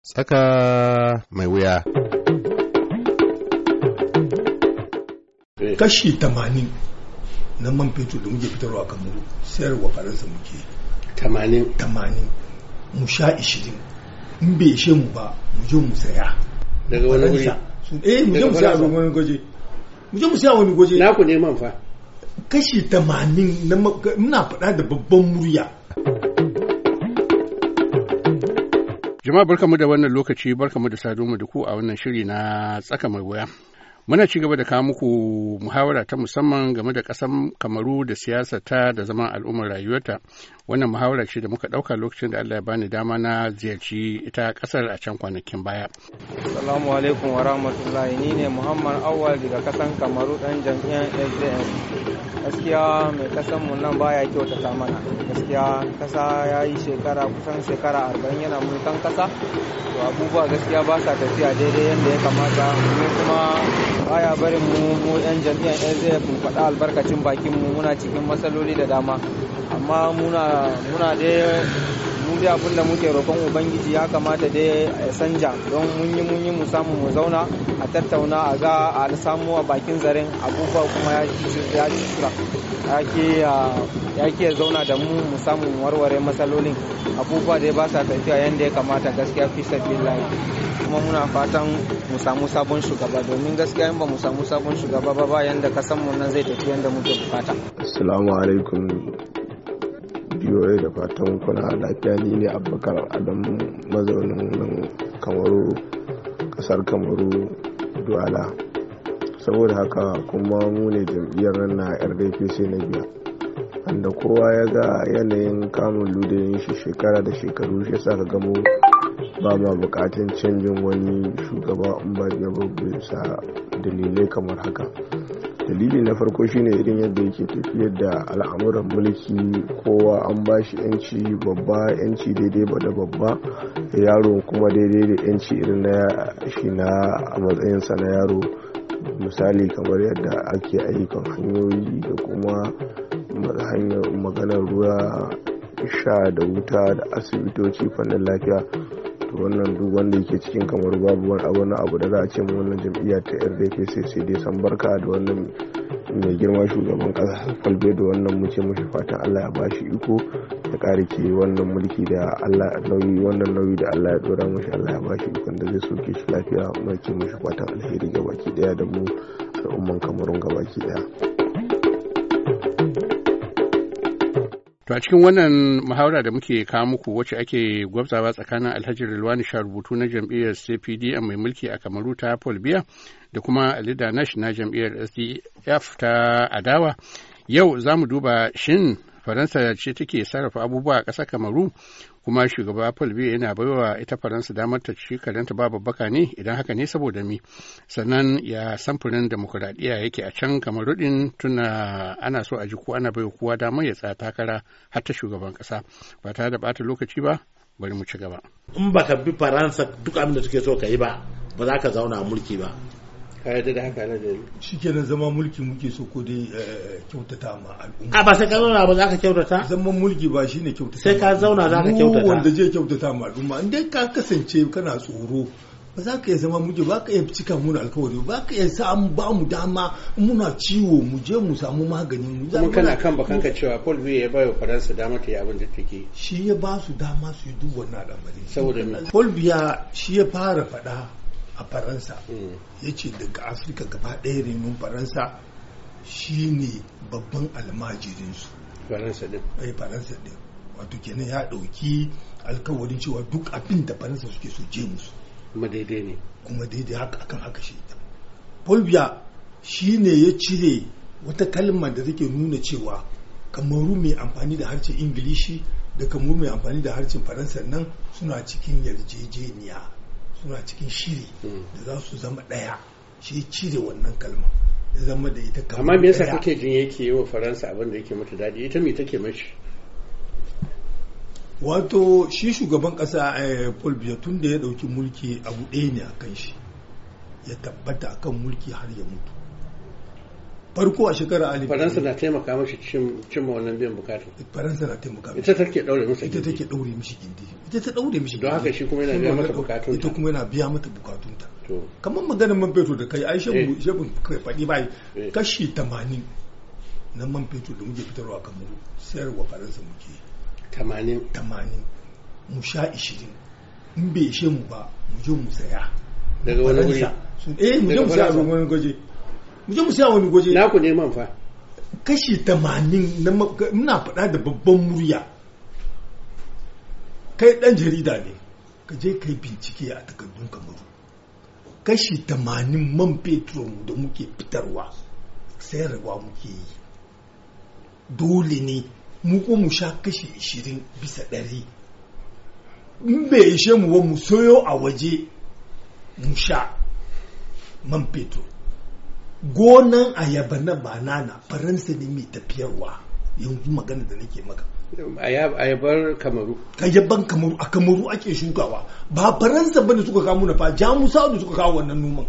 Tsaka mai wuya. Kashi tamanin na man fetur da muke fitarwa kan kamaru sayarwa faransa muke. Tamanin? Tamanin. Mu sha ishirin. In bai ishe mu ba, mu je mu saya. Daga wani wuri? Eh, mu je mu saya wani gwaje. Mu je mu saya wani gwaje. Na ku neman fa. Kashi tamanin na muna faɗa da babban murya. Jama'a barkamu da wannan lokaci barkamu da sadu mu da ku a wannan shiri na tsaka mai wuya. Muna ci gaba da kawo muku muhawara ta musamman game da ƙasar Kamaru da siyasa ta da zaman al'ummar rayuwarta. Wannan muhawara ce da muka ɗauka lokacin da Allah ya bani dama na ziyarci ita ƙasar a can kwanakin baya. Assalamu alaikum wa rahmatullahi ni ne Muhammad Awal daga ƙasar Kamaru ɗan jam'iyyar SDS. gaskiya mai kasan mu nan baya kyautata mana gaskiya kasa ya yi shekara kusan shekara arba'in yana mulkan kasa to abubuwa gaskiya ba sa tafiya daidai yadda ya kamata mu kuma baya barin mu mu yan jami'an SAF mu faɗa albarkacin bakin mu muna cikin matsaloli da dama amma muna muna dai mu da abin da muke roƙon ubangiji ya kamata dai ya sanja don mun yi mun yi mu samu mu zauna a tattauna a ga a samu a bakin zaren abubuwa kuma ya ci sura ya ke zauna da mu mu samu warware matsalolin abubuwa dai ba sa tafiya yadda ya kamata gaskiya fi sabillahi kuma muna fatan mu samu sabon shugaba domin gaskiya in ba mu samu sabon shugaba ba ba yadda kasan mu nan zai tafi yadda muke bukata assalamu biyo da fatan kuna lafiya ni ne abubakar adam mazaunin nan kamaru kasar kamaru duwala saboda haka kuma mu ne jam'iyyar nan na rdpc na biya wanda kowa ya ga yanayin kamun ludayin shi shekara da shekaru shi sa ka gamo ba ma bukatun canjin wani shugaba in ba biya sa dalilai kamar haka dalili na farko shine irin yadda yake tafiyar da al'amuran mulki kowa an ba shi yanci babba yanci daidai ba da babba yaro kuma daidai da yanci irin na shi na a matsayinsa na yaro misali kamar yadda ake ayyukan hanyoyi da kuma maganar ruwa sha da wuta da asibitoci fannin lafiya to wannan duk wanda yake cikin kamar babu wani abu da za a ce mu wannan jam'iyya ta rdp sai dai san barka da wannan mai girma shugaban kasa falbe da wannan muce mashi fatan allah ya bashi iko ya kare ke wannan mulki da allah nauyi wannan nauyi da allah ya dora mashi allah ya bashi iko da zai soke shi lafiya mace mashi fatan alheri gabaki daya da mu umman kamarun gabaki daya To a cikin wannan muhawara da muke kawo muku wacce ake gwabzawa tsakanin Alhaji Rilwani rubutu na jam'iyyar CPD mai mulki a Kamaru ta Paul Biya da kuma Alida Nash na jam'iyyar SDF ta Adawa. Yau za mu duba shin faransa ce take sarrafa abubuwa a ƙasar kamaru kuma shugaba paul biya yana baiwa ita faransa damar ta ci karanta ba babbaka ne idan haka ne saboda mi sannan ya samfurin demokuraɗiyya yake a can kamaru din tuna ana so a ji ko ana baiwa kowa damar ya tsaya takara har ta shugaban ƙasa ba tare da ɓata lokaci ba bari mu ci gaba in baka bi faransa duk abin da suke so ka yi ba ba za ka zauna a mulki ba ka yarda da haka alhaji shi kenan zama mulki muke so ko dai eh, kyautata ma al'umma a ba sai ka zauna ba za ka kyautata zaman mulki ba ne kyautata sai ka zauna za ka kyautata wanda zai kyautata ma al'umma in dai ka kasance kana tsoro ba za ka iya zama muje ba ka iya cika mun alkawari ba ka iya sa an ba mu dama muna ciwo mu je mu samu magani mu kuma kana kan bakan ka cewa Paul Biya ya ba wa Faransa dama ta yi abin da take shi ya ba su dama su yi duk wannan al'amari saboda Paul Biya shi ya fara faɗa a faransa mm. ya ce daga afirka gaba ɗaya renon faransa shine babban almajirinsu faransa ɗin eh, faransa ɗin wato kenan ya ɗauki alkawarin cewa duk abin da faransa suke so je musu kuma daidai ne kuma daidai haka akan haka shi ita Biya shi ne ya cire wata kalma da take nuna cewa kamaru mai amfani da harshen ingilishi da kamaru mai amfani da harshen faransa nan suna cikin yarjejeniya suna cikin shiri hmm. da za su zama ɗaya shi cire wannan kalma Ya zama da ita kamar amma me yasa kake jin yake yi wa faransa abin da yake mata daɗi ita me take mashi wato shi shugaban ƙasa a eh, paul biya tun da ya ɗauki mulki abu ɗaya ne a kan shi ya tabbata akan mulki har ya mutu farko a shekarar alif faransa na taimaka mashi cin wannan biyan bukatu faransa na taimaka mashi ita take daure masa ita take daure mishi gindi ita ta daure mishi don haka shi kuma yana biya mata bukatun ita kuma yana biya mata bukatun ta kamar maganar man fetur da kai ai shebu eh. shebu kai fadi bai eh. kashi 80 na man fetur da muke fitarwa a kamaru sayarwa faransa muke 80 80 mu sha 20 in bai ishe mu ba mu je mu saya daga wani wuri eh mu je mu saya a wani gaje mu je mu siya wani goje na ku neman fa kashi 80 na muna faɗa da babban murya kai ɗan jarida ne ka je kai bincike a takardun kamaru kashi 80 man mu da muke fitarwa sayarwa muke yi dole ne mu ko mu sha kashi 20 bisa ɗari in bai ishe mu ba mu soyo a waje mu sha man fetur gonan ayaba na banana faransa ne mai tafiyarwa yanzu magana da nake maka ayabar kamaru ayaban kamaru a kamaru ake shukawa ba faransa bane suka kawo na fa jamusa da suka kawo wannan noman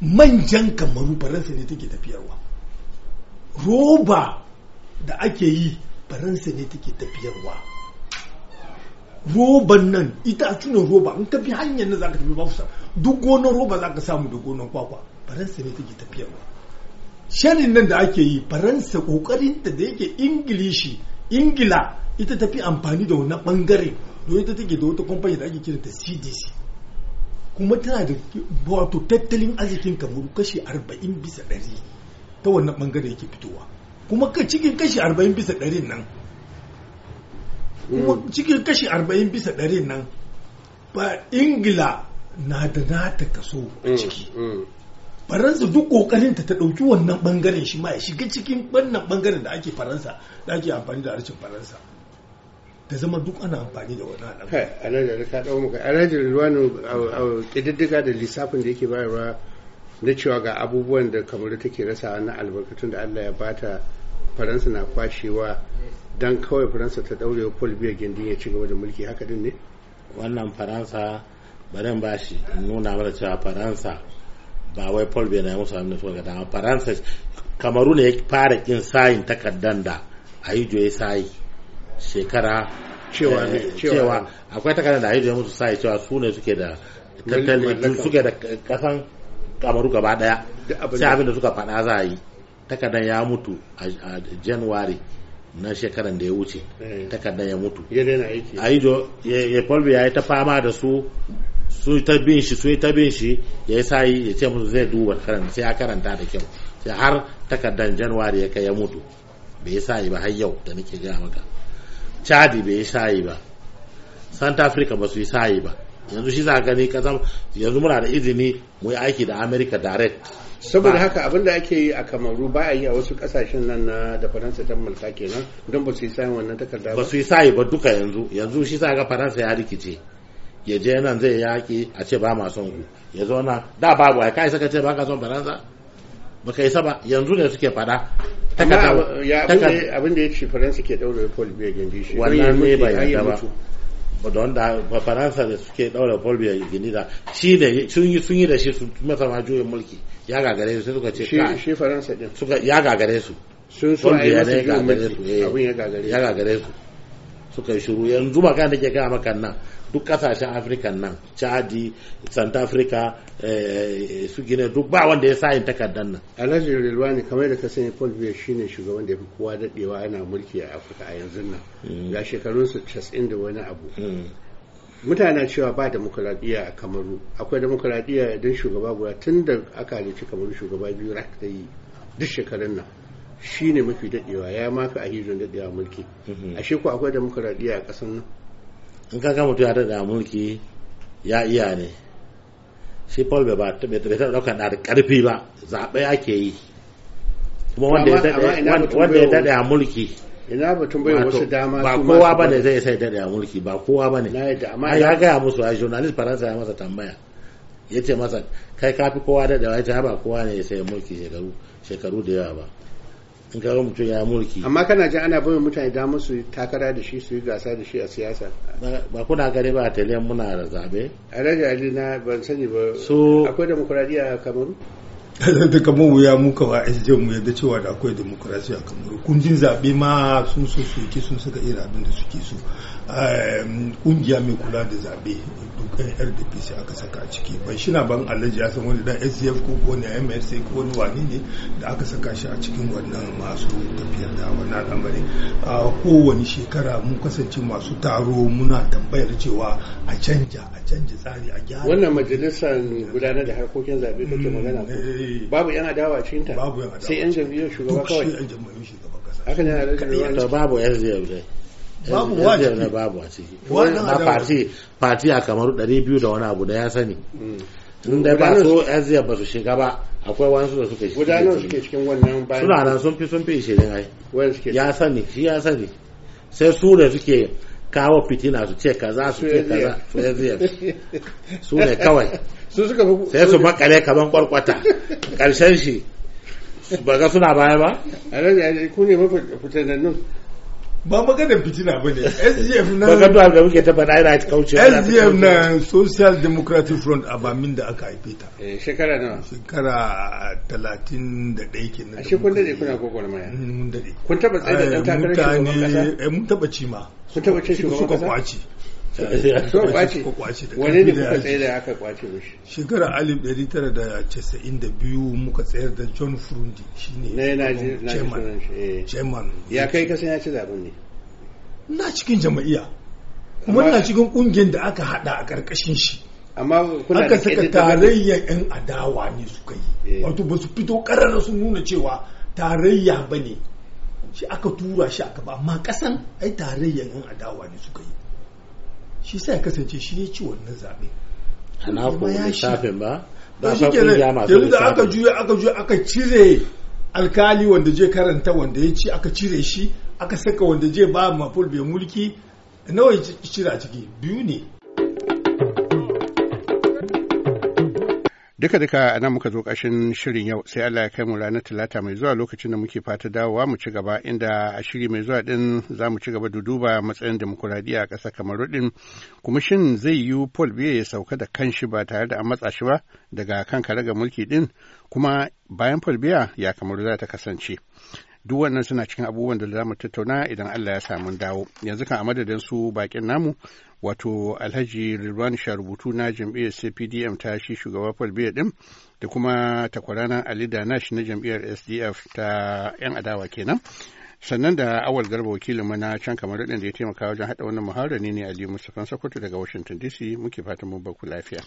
manjan kamaru faransa ne take tafiyarwa roba da ake yi faransa ne take tafiyarwa roban nan ita tunan roba in tafi hanyar na zaka tafi ba duk gonan roba zaka samu da gonar kwakwa faransa ne take tafiyarwa shanin nan da ake yi faransa kokarin da da yake ingilishi ingila ita tafi amfani da wani bangare don ita take da wata kwamfani da ake kira ta cdc kuma tana da wato tattalin arzikin kamaru kashi 40 bisa 100 ta wannan bangare yake fitowa kuma ka cikin kashi 40 bisa 100 nan kuma mm. cikin kashi 40 bisa 100 nan ba ingila na da nata kaso a mm, ciki mm. faransa duk kokarin ta ta dauki wannan bangaren shi ma ya shiga cikin wannan bangaren da ake faransa da ake amfani da harshen faransa ta zama duk ana amfani da wani al'amari alhaji ka dawo muka alhaji ruwanu da lissafin da yake bayarwa na cewa ga abubuwan da kamar take rasa na albarkatun da Allah ya bata faransa na kwashewa dan kawai faransa ta daure Paul Biya gindin ya ci gaba da mulki haka din ne wannan faransa bari ba nuna mana cewa faransa ba wai paul bai na musu abin da suka dama faransa kamaru ne ya fara kin sayin takardar da ayijo ya sayi shekara cewa eh, akwai takardar da ayijo ya musu sayi cewa su ne suke da tattalin suke da kasan kamaru gaba daya sai abinda da suka faɗa za a yi takardar ya mutu a january na shekaran da ya wuce eh. takardar ya mutu ya daina aiki ya paul ya yi ta fama da su su ta bin shi su ta bin shi ya sa yi ya ce musu zai duba karanta sai ya karanta da kyau sai har takardar januwari ya kai ya mutu bai sa yi ba har yau da nake gaya maka chadi bai sa yi ba santa africa ba su yi sa yi ba yanzu shi za gani kasan yanzu muna da izini mu yi aiki da america direct saboda haka abin da ake yi a kamaru ba a yi a wasu kasashen nan na da faransa ta mulka kenan don ba su yi sayin wannan takarda ba su yi sayi ba duka yanzu yanzu shi sa ga faransa ya rikice ya je nan zai yaƙi a ce ba ma son ku ya zo nan da babu ai kai saka ce ba ka son faransa ba kai saba yanzu ne suke fada abin da ya ce faransa ke daura paul biya gindi shi wannan ne ba ya ba don da faransa da suke daura paul biya gindi da shi ne sun yi sun yi da shi sun masa ma juyin mulki ya gagare su suka ce shi faransa din suka ya gagare su sun so a yi masa juyin mulki eh. abin ya gagare su suka yi shiru yanzu magana da ke gaya maka nan duk kasashen afirka nan chadi santa africa eh, su gine duk ba wanda ya sayin takardar nan alhaji rilwani kamar da ka sani paul biya shine shugaban da ya fi kowa daɗewa ana mulki a afirka a yanzu nan mm. ga shekarunsu casin da wani abu mm. mutane cewa ba demokuraɗiyya a kamaru akwai demokuraɗiyya don shugaba guda tun da aka halici kamaru shugaba biyu rak da yi duk shekarun nan shi ne mafi daɗewa ya mafi a hijin daɗewa mulki mm-hmm. a ko akwai demokuraɗiyya a ƙasar nan in ka ga tuya ya mulki ya iya ne shi paul bai taɓa na da karfi ba zaɓe ake yi kuma wanda ya daɗa mulki ina batun bai wasu dama ba kowa ba ne zai sai daɗa mulki ba kowa ba ne ya gaya musu a journalist faransa ya masa tambaya ya ce masa kai kafi kowa daɗa ya ce ba kowa ne ya sai mulki shekaru da yawa ba in kaga mutum ya mulki amma kana ji ana bayan mutane damar su takara da shi su yi gasa da shi a siyasa ba kuna gani ba a taliyan muna da zabe a rage ali na ban sani ba so akwai demokuraɗiyya a kamaru zan ta kamar wuya mu kawa a jin mu yadda cewa da akwai demokrasiya a kamaru kundin zaɓe ma sun so su yake sun suka irin abin da suke so kungiya ehm, mai kula da zaɓe dokan rdpc aka saka a ciki ban shi na ban alhaji ya san wani dan scf ko ko ne msc ko wani wani ne da aka saka shi a cikin wannan masu tafiyar da wannan al'amari a kowane shekara mun kasance masu taro muna tambayar cewa a canja a canja tsari a gyara wannan majalisar gudanar da harkokin zaɓe kake magana mm, eh. babu yan adawa cikin ta babu yan adawa sai yan jam'iyyar shugaba kawai sai yan jam'iyyar shugaba kasa haka ne babu yan jam'iyyar babu eh, wajibi eh, babu a ciki ma fati fati a kamar 200 da wani abu da ya sani hmm. in dai ba so aziya ba su shiga ba akwai wasu da suka shiga gudanar suke cikin wannan bayan suna nan sun fi sun fi ishirin ai ya sani shi ya sani sai su da suke kawo fitina su ce kaza su ce kaza su aziya su ne kawai sai su makale kaman kwarkwata karshen shi ba ga suna baya ba A ku ne mafi fitanannun ba maganar fitina ba ne sgf na gado da muke tabbata yana ta kauce Sgf na social democratic front a bamin da aka haife ta eh, shekara nawa shekara talatin da ɗaya ke nan kun daɗe kuna kokon maya mm, mun daɗe kun taɓa tsaye da dan eh, takarar shugaban ƙasa eh, mun taɓa ci ma kun taɓa ci shugaban kasa. kwaci kwace wani ne kuka tsaye da aka kwace mishi shekara alif ɗari tara da da casa'in biyu muka tsayar da john frundi shine ne eh. chairman ya kai kasan ya ci zaben ne na cikin jama'iya kuma na cikin ƙungiyar da aka haɗa a ƙarƙashin shi amma kuna da saka tarayyar yan adawa ne suka yi eh. wato ba su fito ƙararra sun nuna cewa tarayya ba ne shi aka tura shi aka ba amma kasan ai tarayyar yan adawa ne suka yi shi sai kasance shi ne ci na zaɓe a naku lissafin ba ba shi da aka juya aka cire alkali wanda je karanta wanda ya ci aka cire shi aka saka wanda je ba maful bai mulki nawa ya a ciki biyu ne Duka duka a nan muka zo ƙashin shirin yau sai Allah ya kai mu ranar talata mai zuwa lokacin da muke fata dawowa mu ci gaba inda a shiri mai zuwa din za mu ci gaba da duba matsayin demokuraɗiyya a ƙasar Kamaru din kuma shin zai yi Paul Biya ya sauka da kanshi ba tare da an matsa shi ba daga kan ga mulki din kuma bayan Paul Biya ya Kamaru za ta kasance. duk wannan suna cikin abubuwan da za mu tattauna idan Allah ya samu dawo yanzu kan a madadin su bakin namu wato alhaji rilwan sharubutu na jam'iyyar cpdm ta shi shugaba falbiya din da kuma takwarana ali danash na jam'iyyar sdf ta 'yan adawa kenan sannan da awal garba wakilin mana can kamar da ya taimaka wajen hada wannan muhara ne ne ali mustapha sakwato daga washington dc muke fatan mun baku lafiya.